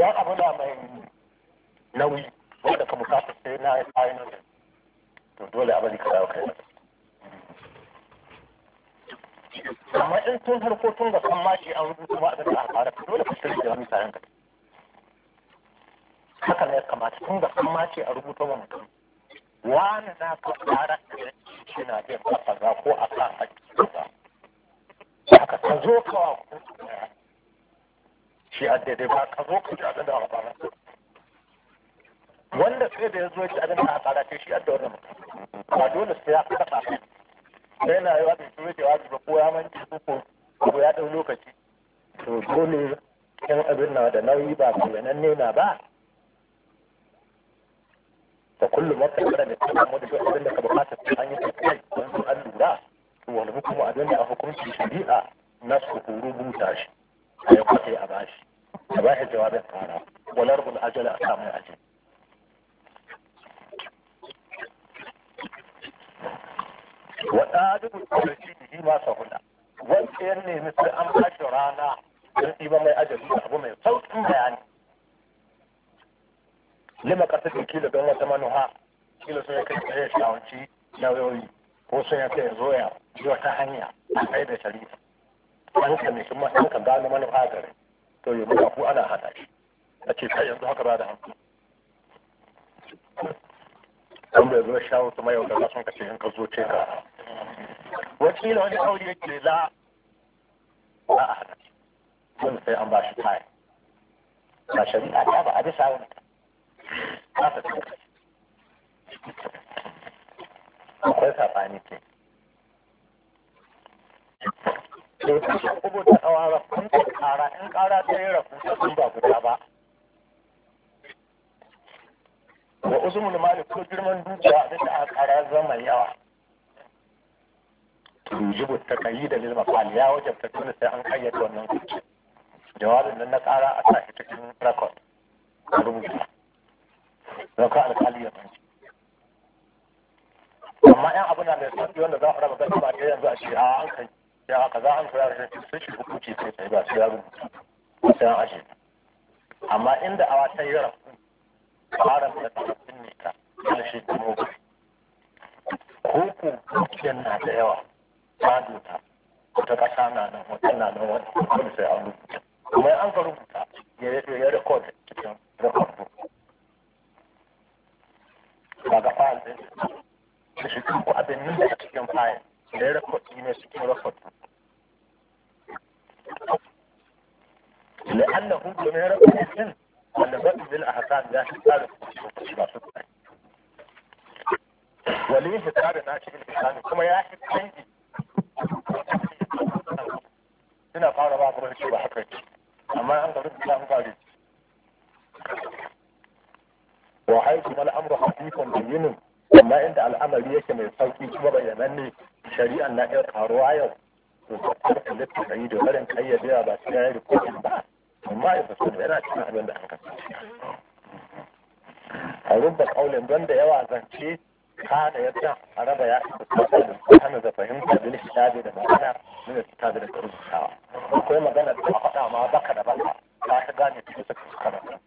ya abu na mai nauyi wanda ka musafir sai na yi kayan to dole a bari ka dawo kai amma in tun harko tun ga kan maki an rubuta ba a da al'ada dole ka shirya da mutanen ka haka ne kamata tun ga kan maki a rubuta wa mutum wani na ka tsara shi na iya kafa ko a kan hakki ba haka ka zo kawa ko shi a daidai ba ka zo ka ji abin da ba wanda sai da ya zo ji abin da ba ka shi a da wannan ba dole sai ya kafa sai na yi wata shi ke wata ko ya su ko ko ya dau lokaci to dole yan abin na da nauyi ba nan ne na ba da kullum wata kira da kuma mu da duk abin da ka bukata su an yi kai don su an lura to wani hukumu abin da a hukunci shari'a na su buta shi a yi kwata a bashi a ba shi jawabin kara walar bul ajala a samun ajin wa wanda ya nemi sai an ba shi rana don ɗiba mai ajali abu mai sauƙin bayani lima ƙasar kila don wata manuha kila sun ya kai tsaye shawanci nauyoyi ko sun ya kai zoya zuwa ta hanya a kai da shari'a an ka mai kuma an ka gano gare to yanzu ba ku ana hana shi a ce kai yanzu haka ba da hankali wanda yanzu na shawo su mayau da za sun kace in ka zo ce ka wakila wani aure yake za ba a hana shi wanda sai an ba shi time ba shari'a ta ba a bisa wani ba ta akwai safani ke da ta shi kubo ta tsawara, rafin ta kara in kara ta yi rafin ta sun ba guda ba wa usmul malik ko girman dukiya abin da aka kara zama yawa yujibu taqayyida lil maqal ya wajabta dole sai an kayyade wannan kuɗi jawabin nan na kara a sa shi cikin record rubuta zaka alƙali ya tsanci amma yan abu na da sauki wanda za a raba gaba da yanzu a shi a an kai sai haka za a kula da sai shi hukunci sai sai ba sai ya rubuta ko sai an aje amma inda a ta yi rafu ba haram da ta binne ta da shi kuma ba ko ko dukiyar na da yawa ta dota wata ƙasa na nan wata na nan wata kuma sai an rubuta kuma an ka rubuta ya rekod cikin rekod ba ga fa'al ɗin da shi kuma abin nan da cikin fa'al da ya rekod ne cikin rekod لأنهم من رب الإنسان والنبات بالأحكام لا تتعرف وليه تتعرف ناشئ الإنسان كما يا أحد عندي suna fara ba kuma ce ba haka ce amma an ga rubuta an gari wa haiku mal amru hafifun bayyinin amma inda al'amari yake mai sauki kuma bayyananne shari'an na iya karuwa yau to ka kalli da barin kayyadewa ba sai ya yi rikokin ba amma ya fasu yana cikin abin da an kasa a rubba kaulin don da yawa zance kana yadda a raba ya isa hana da fahimta bin da magana min shitabi da rubutawa akwai magana da faɗa ma baka da baka ka ta gane cikin suka suka rasa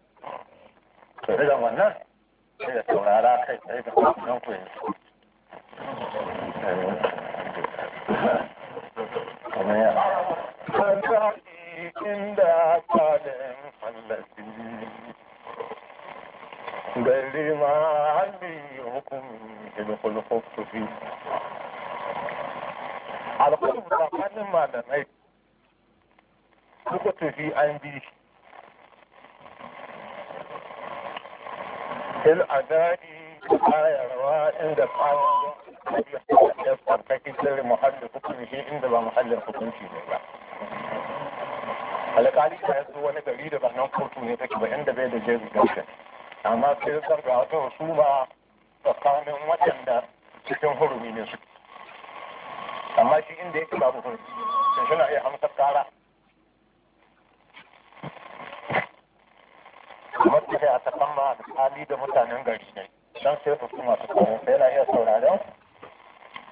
to wannan sai da saurara kai sai da kuma nan ku ما علمكم يلقوا الخبط فيه على كل مكان ما لم lokacin fi an bi il adadi ayarwa inda kayan ya tsarkaki sirri muhallin hukunci inda ba muhallin hukunci ne ba alƙali ta yaso wani gari da ba nan kotu ne take ba inda bai da jeri gashin amma sai ga wata wasu ba tsakanin waɗanda cikin hurumi ne su amma shi inda yake babu hurumi sun suna iya amsar kara kuma ta ya takan ma hali da mutanen gari ne don sai su masu kawo sai na iya sauraron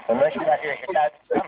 sannan shi na iya shiga